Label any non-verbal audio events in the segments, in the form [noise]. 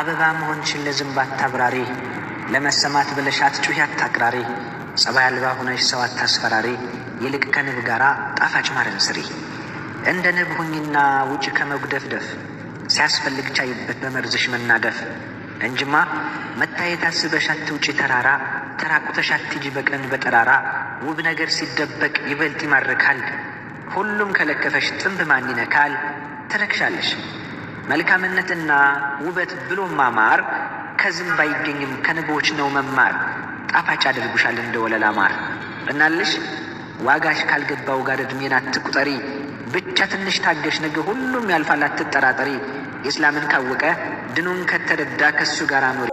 አበባ መሆንሽን ለዝንብ አታብራሪ፣ ለመሰማት ብለሽ አትጩሂ አታቅራሪ፣ ጸባይ አልባ ሆነሽ ሰው አታስፈራሪ፣ ይልቅ ከንብ ጋር ጣፋጭ ማረን ስሪ። እንደ ንብ ሁኝና ውጭ ከመጉደፍደፍ ሲያስፈልግ ቻይበት በመርዝሽ መናደፍ እንጅማ መታየት አስበሽ አትውጪ ተራራ ተራቁተሽ አትሂጂ በቀን በጠራራ ውብ ነገር ሲደበቅ ይበልጥ ይማርካል። ሁሉም ከለከፈሽ ጥንብ ማን ይነካል? ትረክሻለሽ መልካምነትና ውበት ብሎ ማማር ከዝንብ ባይገኝም ከንቦች ነው መማር። ጣፋጭ አድርጉሻል እንደ ወለላ ማር። እናልሽ ዋጋሽ ካልገባው ጋር እድሜን አትቁጠሪ። ብቻ ትንሽ ታገሽ፣ ነገ ሁሉም ያልፋል አትጠራጠሪ። የእስላምን ካወቀ ድኑን ከተረዳ ከሱ ጋር ኖሪ።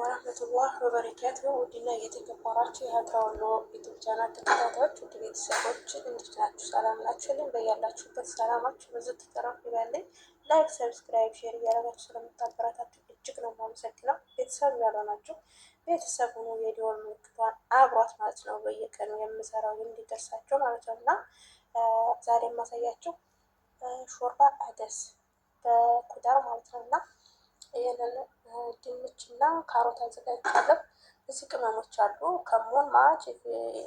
ወረህመቱላህ ወበረካቱ። ውድና ዩቱብ ቻናል ተከታታዮች ውድ ቤተሰቦች ሰላም ናችሁልን? በያላችሁበት ሰላማችሁ ብዙ ይበልኝ ላይክ፣ ሰብስክራይብ፣ ሼር እያደረጋችሁ ስለምታበረታችሁ እጅግ ነው የማመሰግነው። ቤተሰብ ያልሆናችሁ ቤተሰብ ሆኖ የደወል ምልክቷን አብሯት ማለት ነው በየቀኑ የምሰራው እንዲደርሳቸው ማለት ነው እና ዛሬ የማሳያቸው ሾርባ አደስ በኩዳር ማለት ነው እና ይህንን ድንች እና ካሮት አዘጋጅቻለሁ። ብዙ ቅመሞች አሉ። ከሞን ማች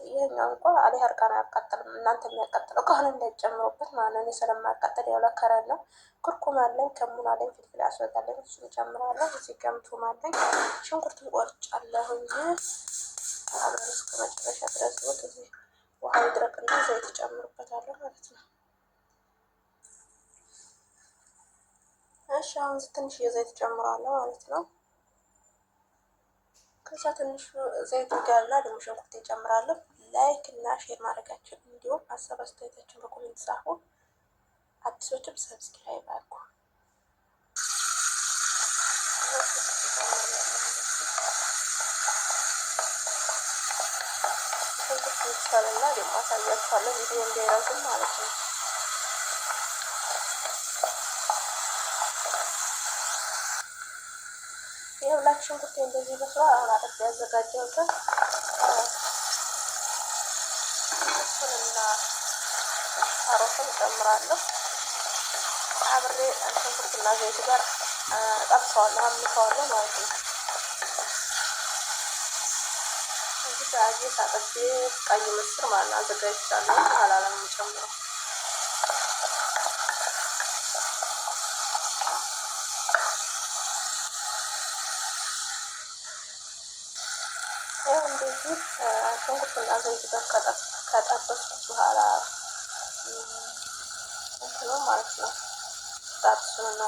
ይህኛው እንኳ አሊ ሀርቃን አያቃጥልም። እናንተ የሚያቃጥለው ከሆነ እንዳይጨምሩበት ማለት ነው። ስለማያቃጥል ያው ለከረን ነው። ኩርኩም አለኝ፣ ከሙን አለኝ፣ ፍልፍል አስወጣለኝ፣ እሱ ጨምራለሁ። እዚህ ገምቱም አለኝ፣ ሽንኩርቱን ቆርጫለሁ እንጂ አብረን እስከ መጨረሻ ድረስ ወጥ እዚህ ውሃ ይድረቅና ዘይት ጨምሩበታለሁ ማለት ነው። እሺ አሁን ትንሽ የዘይት ጨምራለሁ ማለት ነው። ከዛ ትንሹ ዘይት ጋርና ደግሞ ሽንኩርት እንጨምራለን። ላይክ እና ሼር ማድረጋችን እንዲሁም ሀሳብ አስተያየታችን በኮሜንት ጻፉ። አዲሶችም ሰብስክራይብ አድርጉ። ሽንኩርት ይቻልና ደግሞ አሳያችኋለን ቪዲዮ እንዳይረዝም ማለት ነው። የሁላት ሽንኩርት እንደዚህ በስሎ አሁን አጠብ ያዘጋጀሁትን እሱንና ካሮቱን እጨምራለሁ። አብሬ ሽንኩርትና ዘይት ጋር ጠብሰዋለሁ፣ አምሰዋለሁ ማለት ነው። እንግዲህ አየት አጠቤ ቀይ ምስር ማለት ነው አዘጋጅቻለሁ። ኋላ ላይ የምጨምረው ይኸው እንደዚህ ሽንኩርትና ዘይት ጋር ከጠበስኩት በኋላ እንትኑ ማለት ነው ጣጥሱና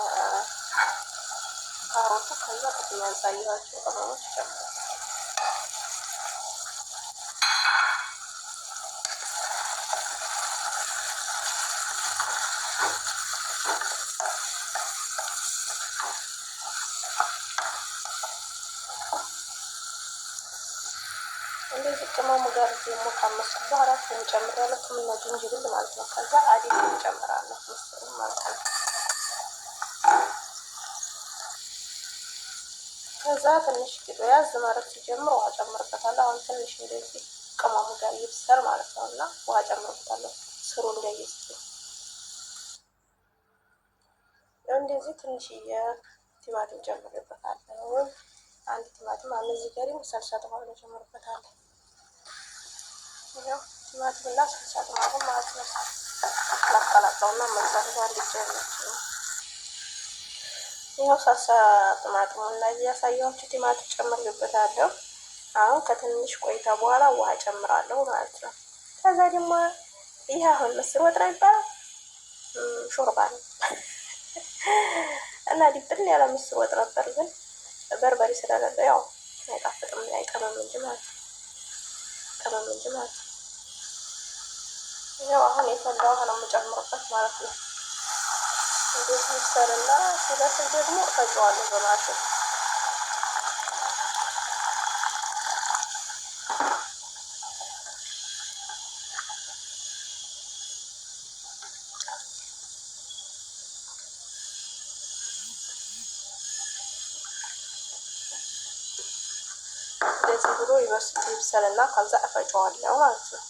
ካሮቱ ከዛ ቅድም ያሳየኋቸው ቅመሞች ጨምራል እንደዚህ ቅመሙ ጋር እዚህ ካመስኩ በኋላ እንጨምራለሁ ቱምና ዝንጅብል ማለት ነው። ከዛ አዲ እንጨምራለሁ መሰለኝ ማለት ነው። ከዛ ትንሽ ቂጦ ያዝ ማድረግ ሲጀምር ውሃ ጨምርበታለሁ። አሁን ትንሽ እንደዚህ ቅመሙ ጋር ይብሰል ማለት ነው እና ውሃ ጨምርበታለሁ ስሩ እንዳይስት እንደዚህ ትንሽ ቲማቲም ጨምርበታለሁ። አንድ ቲማቲም አለ እዚህ ሰልሳ ተባለ ጨምርበታለሁ። ያው ቲማቲምና ስልሳ ቅመሙ ማለት ነው። ላቀላቀውና መጨረሻ እንዲጨርሱ ይኸው ሳሳ ጥማጥሙና እያሳየኋችሁ ቲማቲም ጨምርልበታለሁ። አሁን ከትንሽ ቆይታ በኋላ ውሃ ጨምራለሁ ማለት ነው። ከዛ ደግሞ ይህ አሁን ምስር ወጥ ነው ይባላል፣ ሾርባ ነው [laughs] እና ዲብን ያለ ምስር ወጥ ነበር፣ ግን በርበሬ ስለሌለው ያው አይጣፍጥም፣ አይጠመም እንጂ ማለት ነው። አይጠመም እንጂ ማለት ነው። ያው አሁን የፈላ ውሃ ነው የምጨምርበት ማለት ነው። እንዴት ይሰልና ሲበስል ደግሞ እፈጨዋለሁ በማሽን እንደዚህ ብሎ ይበስልና ከዛ እፈጨዋለሁ ማለት ነው።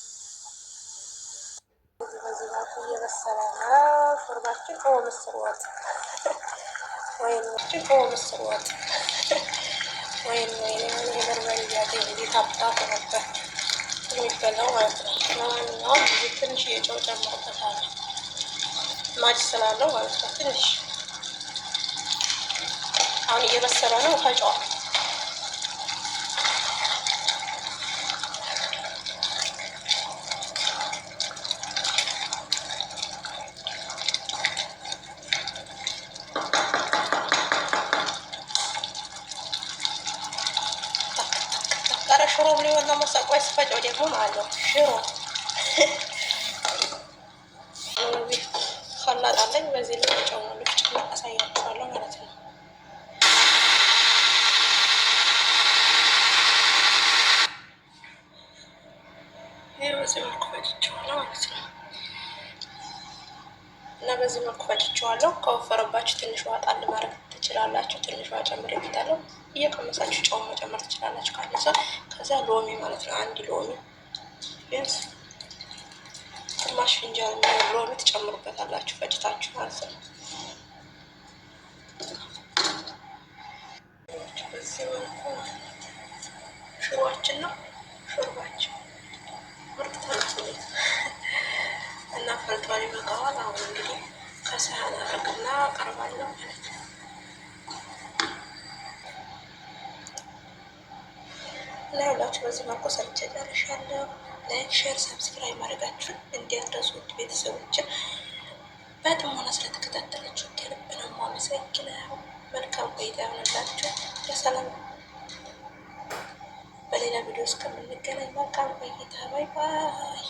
السلامة شورባችን ኦ ምስር ወጥ ወይን ምስር ኦ ምስር ወጥ ወይን ወይን የበርበሬ ያዘ ቤት አባቱ ነበር የሚበላው ማለት ነው። ለማንኛውም እዚህ ትንሽ የጨው ጨምርበታለሁ ማጭ ስላለው ማለት ነው። ትንሽ አሁን እየበሰለ ነው ከጨዋል ቆይ ስፈጨው ደግሞ ማለት ነው ሽሮ ከላጣለኝ በዚህ ልጨው ነው ልጭ አሳያችኋለሁ ማለት ነው። እና በዚህ መልኩ ፈጭቼዋለሁ። ከወፈረባችሁ ትንሽ ውሃ ጣል ማድረግ ትችላላችሁ። ትንሽ ውሃ ጨምሬበታለሁ። እየቀመሳችሁ ጨው መጨመር ትችላላችሁ ካለ ከዛ ሎሚ ማለት ነው። አንድ ሎሚ ቢያንስ ግማሽ ፍንጃል ሎሚ ትጨምሩበታላችሁ ፈጭታችሁ ማለት ነው። በዚህ መልኩ ነው ሾርባችን ምርጥ እና ይበቃዋል። አሁን እንግዲህ ከሰሃን አረግና ማለት ነው። በዚህ መልኩ ሰርቼ ጨርሻለሁ። ላይክ፣ ሼር፣ ሰብስክራይብ ማድረጋችሁን እንዲያትረሱ ውድ ቤተሰቦችን በጥሞና ስለተከታተላችሁ ከልብ ነው የማመሰግነው። መልካም ቆይታ ይሆንላችሁ። በሰላም በሌላ ቪዲዮ እስከምንገናኝ መልካም ቆይታ። ባይ ባይ።